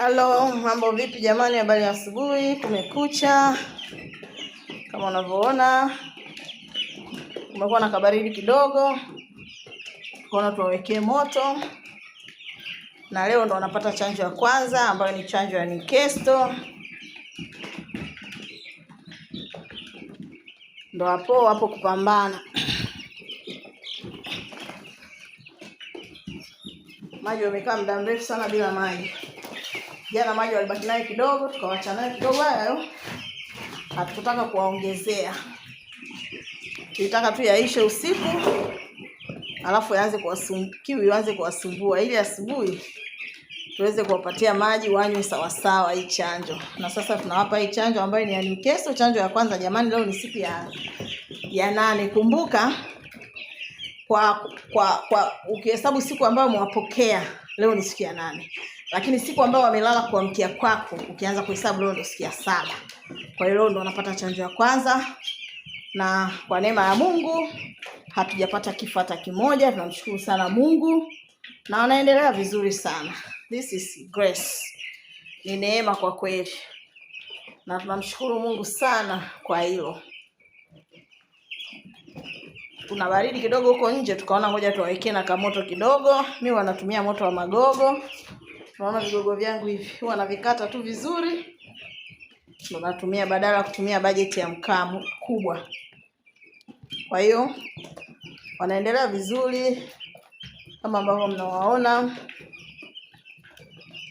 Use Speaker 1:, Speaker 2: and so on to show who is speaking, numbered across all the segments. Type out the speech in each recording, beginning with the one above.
Speaker 1: Halo, mambo vipi jamani? Habari ya asubuhi, kumekucha. Kama unavyoona kumekuwa na kabaridi kidogo, tukaona tuwawekee moto, na leo ndo wanapata chanjo ya kwanza ambayo ni chanjo ya Nikesto. Ndo hapo wapo kupambana. Maji wamekaa muda mrefu sana bila maji. Jana maji walibaki naye kidogo, tukawacha naye kidogo, hayo hatukutaka kuwaongezea, tulitaka tu yaishe usiku alafu yaanze kuwasumkiu yaanze kuwasumbua ili asubuhi tuweze kuwapatia maji wanywe sawasawa hii chanjo. Na sasa tunawapa hii chanjo ambayo ni ya Newcastle, chanjo ya kwanza. Jamani, leo ni siku ya ya nane. Kumbuka kwa kwa kwa ukihesabu siku ambayo umewapokea leo ni siku ya nane, lakini siku ambayo wamelala kuamkia kwako ukianza kuhesabu leo ndio siku ya saba. Kwa hiyo leo ndio unapata chanjo ya kwanza, na kwa neema ya Mungu hatujapata kifata kimoja. Tunamshukuru sana Mungu na wanaendelea vizuri sana. This is grace, ni neema kwa kweli, na tunamshukuru Mungu sana kwa hilo kuna baridi kidogo huko nje, tukaona ngoja tuwawekee na kamoto kidogo. Mi wanatumia moto wa magogo. Unaona vigogo vyangu hivi huwa navikata tu vizuri, ndo natumia badala ya kutumia bajeti ya mkaa kubwa. Kwa hiyo wanaendelea vizuri kama ambavyo mnawaona,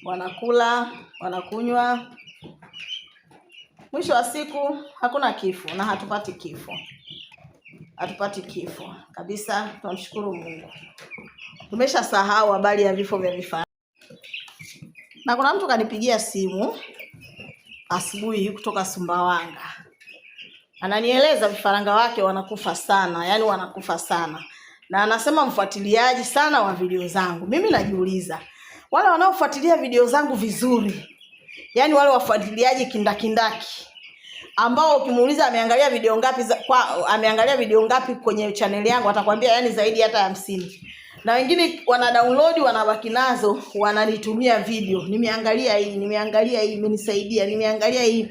Speaker 1: wanakula wanakunywa. Mwisho wa siku hakuna kifo na hatupati kifo hatupati kifo kabisa. Tunamshukuru Mungu, tumesha sahau habari ya vifo vya vifaranga. Na kuna mtu kanipigia simu asubuhi kutoka Sumbawanga, ananieleza vifaranga wake wanakufa sana, yani wanakufa sana, na anasema mfuatiliaji sana wa video zangu. Mimi najiuliza wale wanaofuatilia video zangu vizuri, yani wale wafuatiliaji kindakindaki ambao ukimuuliza ameangalia video ngapi za, kwa, ameangalia video ngapi kwenye chaneli yangu atakwambia yani zaidi hata ya hamsini na wengine wana download wanabaki nazo, wananitumia video, nimeangalia hii, nimeangalia hii, imenisaidia, nimeangalia hii,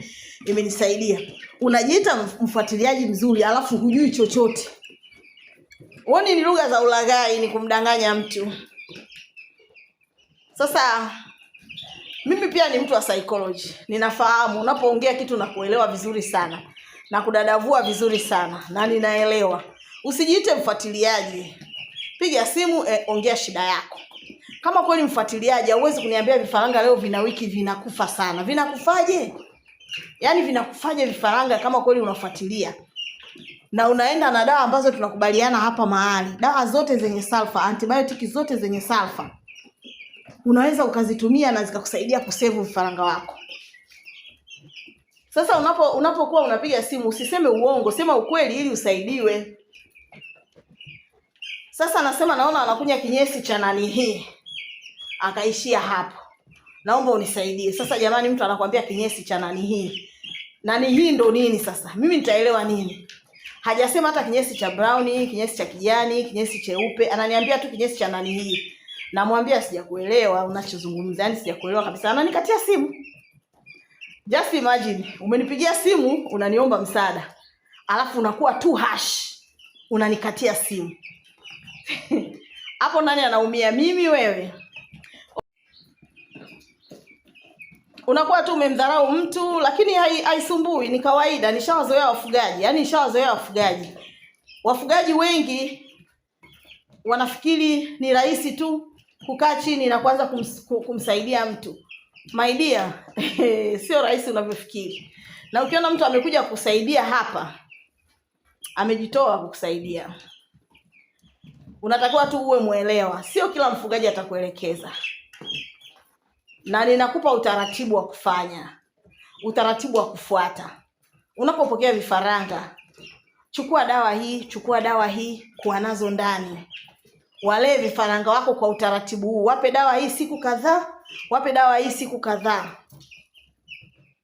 Speaker 1: imenisaidia. Unajiita mfuatiliaji mzuri, alafu hujui chochote. Woni ni lugha za ulaghai, ni kumdanganya mtu. Sasa mimi pia ni mtu wa psychology, ninafahamu unapoongea kitu na kuelewa vizuri sana na kudadavua vizuri sana na ninaelewa. Usijiite mfuatiliaji, piga simu eh, ongea shida yako. Kama kweli mfuatiliaji, hauwezi kuniambia vifaranga leo vina wiki vinakufa sana. Vinakufaje? Yaani vinakufaje vifaranga kama kweli unafuatilia na unaenda na dawa ambazo tunakubaliana hapa mahali, dawa zote zenye sulfa, antibiotiki zote zenye sulfa unaweza ukazitumia na zikakusaidia kusevu vifaranga wako. Sasa unapo unapokuwa unapiga simu usiseme uongo, sema ukweli ili usaidiwe. Sasa nasema naona anakunya kinyesi cha nani hii, akaishia hapo, naomba unisaidie. Sasa jamani, mtu anakwambia kinyesi cha nani hii, nani hii ndo nini? Sasa mimi nitaelewa nini? Hajasema hata kinyesi cha brown, kinyesi cha kijani, kinyesi cheupe, ananiambia tu kinyesi cha nani hii namwambia sijakuelewa unachozungumza, yani sijakuelewa kabisa, ananikatia simu. Just imagine umenipigia simu unaniomba msaada, alafu unakuwa tu hash, unanikatia simu hapo nani anaumia? Mimi wewe? Unakuwa tu umemdharau mtu, lakini haisumbui, ni kawaida, nishawazoea wafugaji, yani nishawazoea wafugaji. Wafugaji wengi wanafikiri ni rahisi tu kukaa chini na kuanza kums, kumsaidia mtu my dear, sio rahisi unavyofikiri. Na ukiona mtu amekuja kusaidia hapa, amejitoa kukusaidia, unatakiwa tu uwe mwelewa. Sio kila mfugaji atakuelekeza, na ninakupa utaratibu wa kufanya, utaratibu wa kufuata. Unapopokea vifaranga, chukua dawa hii, chukua dawa hii, kuwa nazo ndani walee vifaranga wako kwa utaratibu huu, wape dawa hii siku kadhaa, wape dawa hii siku kadhaa.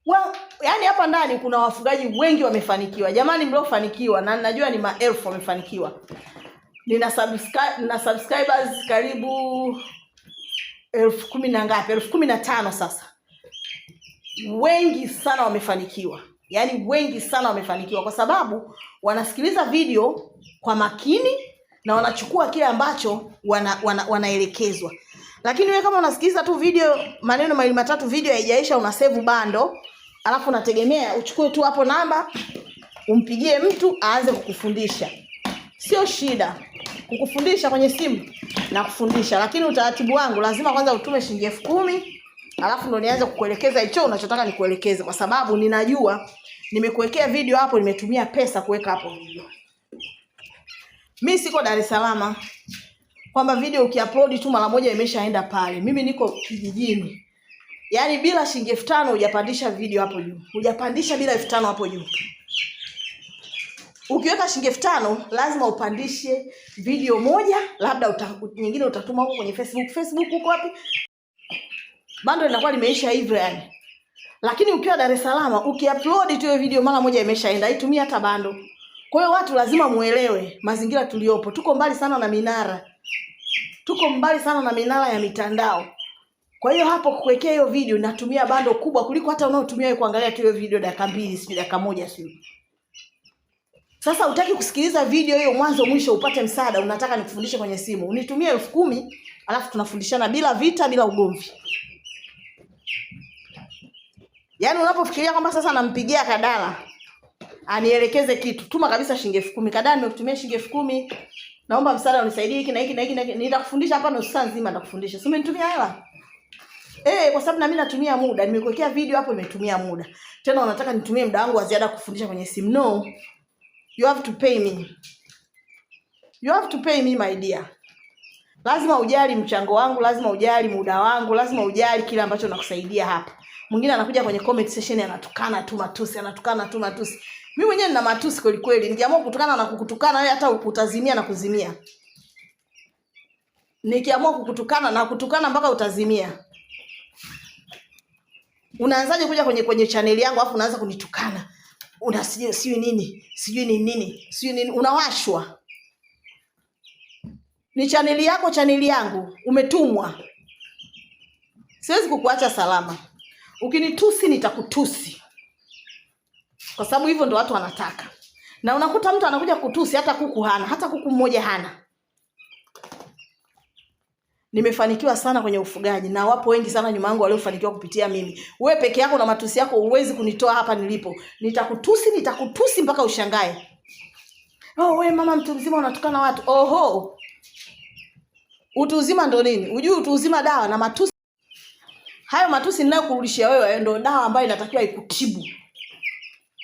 Speaker 1: Well, yaani hapa ndani kuna wafugaji wengi wamefanikiwa, jamani, mliofanikiwa na ninajua ni maelfu wamefanikiwa. Nina subscribe na subscribers karibu elfu kumi na ngapi, elfu kumi na tano sasa. Wengi sana wamefanikiwa, yaani wengi sana wamefanikiwa kwa sababu wanasikiliza video kwa makini na wanachukua kile ambacho wana, wana, wanaelekezwa. Lakini wewe kama unasikiliza tu video maneno mawili matatu, video haijaisha, una save bando, alafu unategemea uchukue tu hapo namba umpigie mtu aanze kukufundisha. Sio shida kukufundisha kwenye simu na kufundisha, lakini utaratibu wangu lazima kwanza utume shilingi elfu kumi alafu ndo nianze kukuelekeza hicho unachotaka nikuelekeze, kwa sababu ninajua nimekuwekea video hapo, nimetumia pesa kuweka hapo video. Mi siko Dar es Salaam, kwamba video ukiupload tu mara moja imeshaenda pale. Mimi niko kijijini, yaani bila shilingi elfu tano hujapandisha video hapo juu, hujapandisha bila elfu tano hapo juu. Ukiweka shilingi elfu tano lazima upandishe video moja, labda uta, nyingine utatuma huko kwenye Facebook. Facebook huko wapi, bando linakuwa limeisha hivyo yani. Lakini ukiwa Dar es Salaam ukiupload tu video mara moja imeshaenda, itumia hata bando. Kwa hiyo watu lazima muelewe mazingira tuliyopo. Tuko mbali sana na minara, tuko mbali sana na minara ya mitandao. Kwa hiyo hapo kuwekea hiyo video natumia bando kubwa kuliko hata unaotumia wewe kuangalia tu hiyo video dakika mbili, si dakika moja, si sasa utaki kusikiliza video hiyo mwanzo mwisho upate msaada, unataka nikufundishe kwenye simu, unitumie elfu kumi alafu tunafundishana bila vita, bila ugomvi. Yaani unapofikiria kwamba sasa nampigia Kadala anielekeze kitu, tuma kabisa shilingi elfu kumi. Kadhaa nimekutumia shilingi elfu kumi, naomba msaada unisaidie hiki na hiki na hiki na hiki. Nitakufundisha hapa nusu saa nzima nitakufundisha. Si umenitumia hela? Eh, kwa sababu na mimi natumia muda. Nimekuwekea video hapo imetumia muda. Tena unataka nitumie muda wangu wa ziada kufundisha kwenye simu? No. You have to pay me. You have to pay me my dear. Lazima ujali mchango wangu, lazima ujali muda wangu, lazima ujali kile ambacho nakusaidia hapa. Mwingine anakuja kwenye comment section anatukana tu matusi, anatukana tu matusi. Mimi mwenyewe nina matusi kweli kweli, nikiamua kukutukana na kukutukana wewe, hata utazimia na kuzimia. Nikiamua kukutukana na kutukana mpaka utazimia. Unaanzaje kuja kwenye kwenye chaneli yangu afu unaanza kunitukana? Una sijui nini, sijui ni nini, sijui nini, unawashwa. Ni chaneli yako, chaneli yangu, umetumwa. Siwezi kukuacha salama. Ukinitusi nitakutusi kwa sababu hivyo ndo watu wanataka. Na unakuta mtu anakuja kutusi, hata kuku hana, hata kuku mmoja hana. Nimefanikiwa sana kwenye ufugaji na wapo wengi sana nyuma yangu waliofanikiwa kupitia mimi. Wewe peke yako na matusi yako huwezi kunitoa hapa nilipo. Nitakutusi, nitakutusi mpaka ushangae. Oh, we mama mtu mzima unatukana watu. Oho. Utu uzima ndo nini? Unajua utu uzima dawa na matusi. Hayo matusi ninayokurudishia wewe ndio dawa ambayo inatakiwa ikutibu.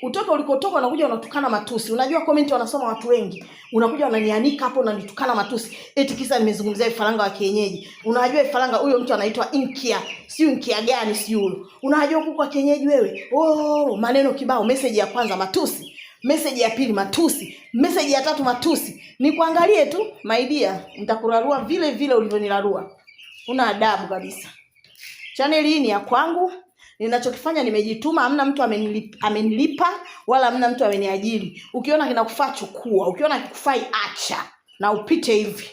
Speaker 1: Utoka ulikotoka unakuja unatukana matusi. Unajua comment wanasoma watu wengi. Unakuja unanianika hapo unanitukana matusi. Eti kisa nimezungumzia vifaranga wa kienyeji. Unajua vifaranga huyo mtu anaitwa Inkia. si Inkia gani si huyo. Unajua kuku wa kienyeji wewe. Oh, maneno kibao, message ya kwanza matusi. Message ya pili matusi. Message ya tatu matusi. Nikuangalie tu, my dear, nitakurarua vile vile ulivyonirarua. Una adabu kabisa. Chaneli hii ni ya kwangu ninachokifanya nimejituma, hamna mtu amenilipa, amenilipa wala hamna mtu ameniajiri. Ukiona kinakufaa chukua, ukiona kikufai acha na upite hivi.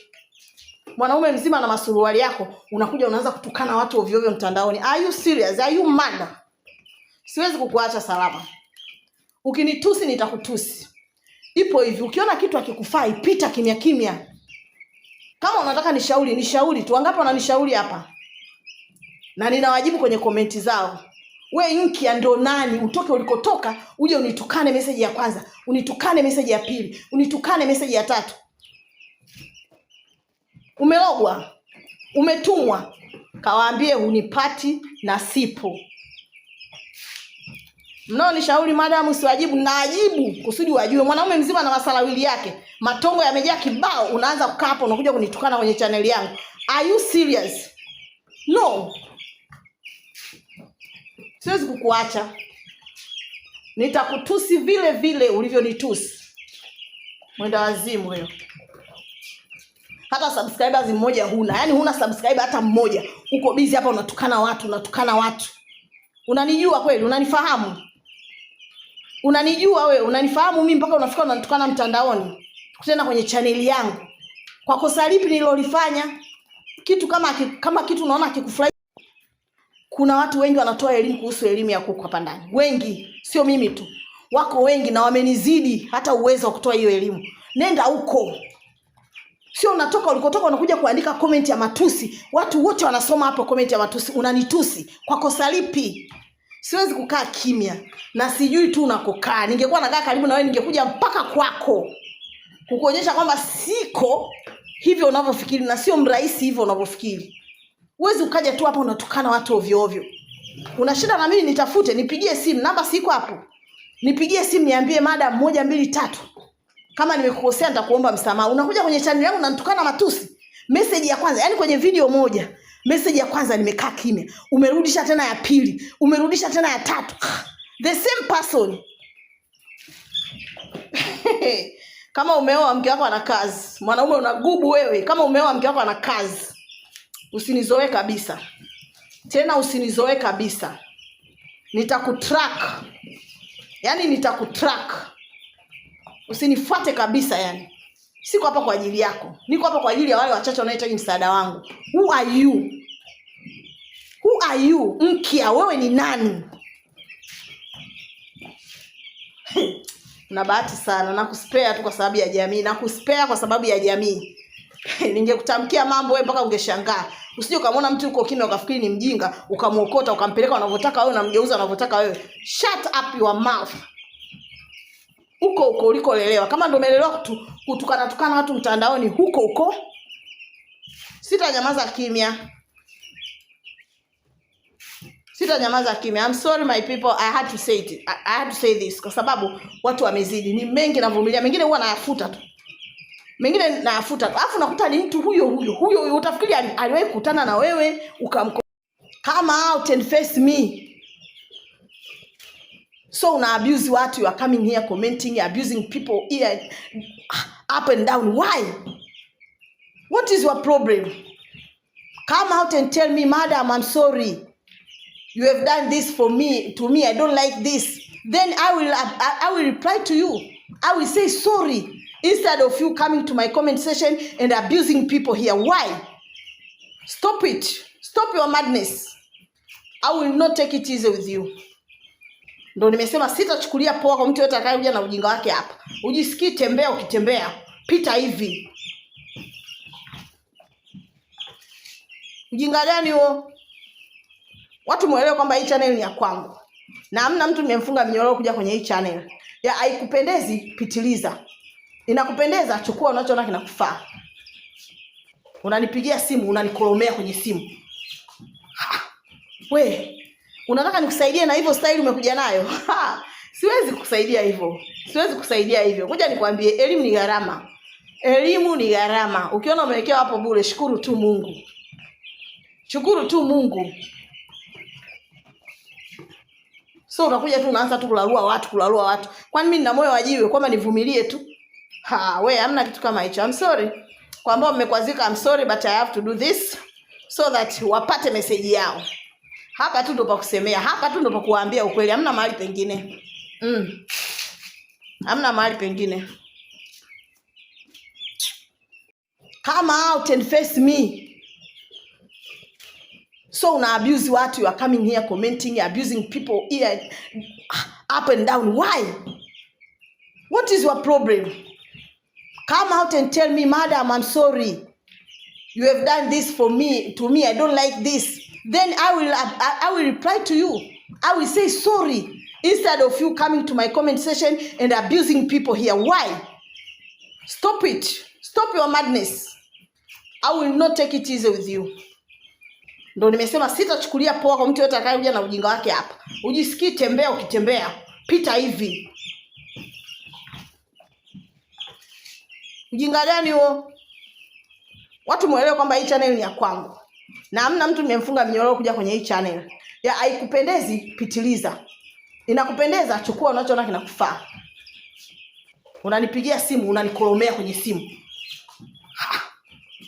Speaker 1: Mwanaume mzima na masuruali yako unakuja unaanza kutukana watu ovyo ovyo mtandaoni. Are you serious? Are you mad? Siwezi kukuacha salama. Ukinitusi nitakutusi. Ipo hivi, ukiona kitu hakikufai pita kimya kimya. Kama unataka nishauri, nishauri tu. Wangapi wananishauri hapa? Na ninawajibu kwenye komenti zao we nkia ndo nani utoke ulikotoka uje unitukane meseji ya kwanza unitukane meseji ya pili unitukane meseji ya tatu umelogwa umetumwa kawaambie hunipati na sipo mnaonishauri madamu siwajibu naajibu kusudi wajue mwanaume mzima na masalawili yake matongo yamejaa kibao unaanza kukaa hapo unakuja kunitukana kwenye chaneli yangu are you serious no siwezi kukuacha, nitakutusi vile vile ulivyonitusi. Mwenda wazimu huyo, hata subscribers mmoja huna, yaani huna subscriber hata mmoja. Uko busy hapa unatukana watu, unatukana watu. Unanijua kweli? Unanifahamu? Unanijua wewe? Unanifahamu mimi mpaka unafika unanitukana mtandaoni, tena kwenye chaneli yangu? Kwa kosa lipi nilolifanya? Kitu kama kama kitu unaona kikufurahi kuna watu wengi wanatoa elimu kuhusu elimu ya kuku hapa ndani, wengi, sio mimi tu, wako wengi na wamenizidi hata uwezo wa kutoa hiyo elimu. Nenda huko, sio unatoka ulikotoka, unakuja kuandika komenti ya matusi. Watu wote wanasoma hapo komenti ya matusi. Unanitusi kwa kosa lipi? Siwezi kukaa kimya na sijui tu unakokaa. Ningekuwa nakaa karibu na wewe, ningekuja mpaka kwako kukuonyesha kwamba siko hivyo unavyofikiri na sio mrahisi hivyo unavyofikiri. Huwezi ukaja tu hapa unatukana watu ovyo ovyo. Una shida na mimi, nitafute nipigie simu, namba siko hapo, nipigie simu niambie, mada moja mbili tatu, kama nimekukosea nitakuomba msamaha. Unakuja kwenye channel yangu unanitukana matusi. Message ya kwanza, yani kwenye video moja message ya kwanza nimekaa kimya, umerudisha tena ya pili, umerudisha tena ya tatu, the same person kama umeoa mke wako ana kazi, mwanaume unagubu wewe. Kama umeoa mke wako ana kazi Usinizoe kabisa tena, usinizoe kabisa. Nitakutrack, yani nitakutrack, usinifuate kabisa. Yani siko hapa kwa ajili yako, niko hapa kwa ajili ya wale wachache wanaohitaji msaada wangu. Who are you? Who are you? Mkia wewe ni nani? Una bahati sana, nakuspea tu kwa sababu ya jamii, nakuspea kwa sababu ya jamii. ningekutamkia mambo wewe mpaka ungeshangaa. Usije ukamwona mtu yuko kimya ukafikiri ni mjinga, ukamwokota ukampeleka wanavyotaka wewe, unamgeuza wanavyotaka wewe. Shut up your mouth. Huko huko ulikolelewa. Kama ndio umelelewa kutu, kutukana tukana watu mtandaoni, huko huko sitanyamaza kimya. sita nyamaza kimya. I'm sorry my people, I had to say it. I, I had to say this kwa sababu watu wamezidi. Ni mengi navumilia, mengine huwa nayafuta tu mengine naafuta, alafu nakuta ni mtu huyo huyo huyo huyo, utafikiri aliwahi kukutana na wewe ukamko kama out and face me. So una abuse watu, you are coming here commenting, abusing people here up and down. Why? What is your problem? Come out and tell me, madam, I'm sorry. You have done this for me, to me. I don't like this. Then I will, I, I will reply to you. I will say sorry instead of you coming to my comment section and abusing people here. Why? Stop it. Stop your madness. I will not take it easy with you. Ndo nimesema sitachukulia poa kwa mtu yote atakayekuja na ujinga wake hapa. Ujisikii tembea, ukitembea pita hivi. Ujinga gani huo? Watu mwelewe kwamba hii channel ni ya kwangu na hamna mtu nimemfunga mnyororo kuja kwenye hii channel. Ya haikupendezi, pitiliza. Inakupendeza, chukua unachoona kinakufaa. Unanipigia simu, unanikoromea kwenye simu. Ha, we unataka nikusaidie na hivyo staili umekuja nayo? Ha, siwezi kukusaidia hivyo, siwezi kukusaidia hivyo. Ngoja nikwambie, elimu ni gharama, elimu ni gharama. Ukiona umewekewa hapo bure, shukuru tu Mungu, shukuru tu Mungu. So unakuja tu unaanza tu kulalua watu, kulalua watu. Kwani mimi nina moyo wa jiwe kwamba nivumilie tu? ha we, hamna kitu kama hicho. I'm sorry kwa ambao mmekwazika, I'm sorry but I have to do this so that wapate meseji yao. Hapa tu ndo pa kusemea, hapa tu ndo pa kuwaambia ukweli, hamna mahali pengine mm. hamna mahali pengine. Come out and face me. So una abuse watu, you are coming here commenting, abusing people here ah, up and down. Why? What is your problem? Come out and tell me, madam, I'm sorry. You have done this for me, to me. I don't like this. Then I will, I, I will reply to you. I will say sorry instead of you coming to my comment section and abusing people here. Why? Stop it. Stop your madness. I will not take it easy with you. Ndo nimesema sitachukulia poa kwa mtu yote atakayekuja na ujinga wake hapa. Ujisikii tembea ukitembea. Pita hivi. Ujinga gani huo? Watu mwelewe kwamba hii channel ni ya kwangu na hamna mtu nimemfunga mnyororo kuja kwenye hii channel. Ya haikupendezi pitiliza, inakupendeza chukua unachoona kinakufaa. Unanipigia simu unanikoromea kwenye simu ha.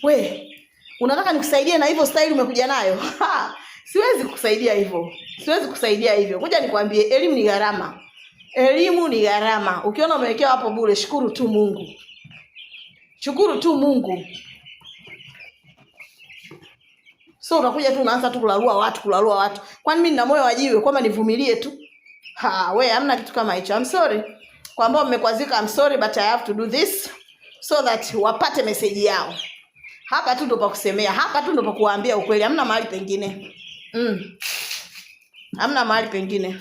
Speaker 1: We unataka nikusaidie na hivyo style umekuja nayo ha. Siwezi kukusaidia hivyo, siwezi kukusaidia hivyo. Ngoja nikwambie, elimu ni gharama, elimu ni gharama. Ukiona umewekewa hapo bure, shukuru tu Mungu. Shukuru tu Mungu. So unakuja tu unaanza tu kulalua watu kulalua watu. Kwani mimi nina moyo wa jiwe kwamba nivumilie tu? Ha, we hamna kitu kama hicho. I'm sorry. Kwa ambao mmekwazika, I'm sorry but I have to do this so that wapate meseji yao. Hapa tu ndo pa kusemea, hapa tu ndo pa kuambia ukweli. Hamna mahali pengine. Mm. Hamna mahali pengine.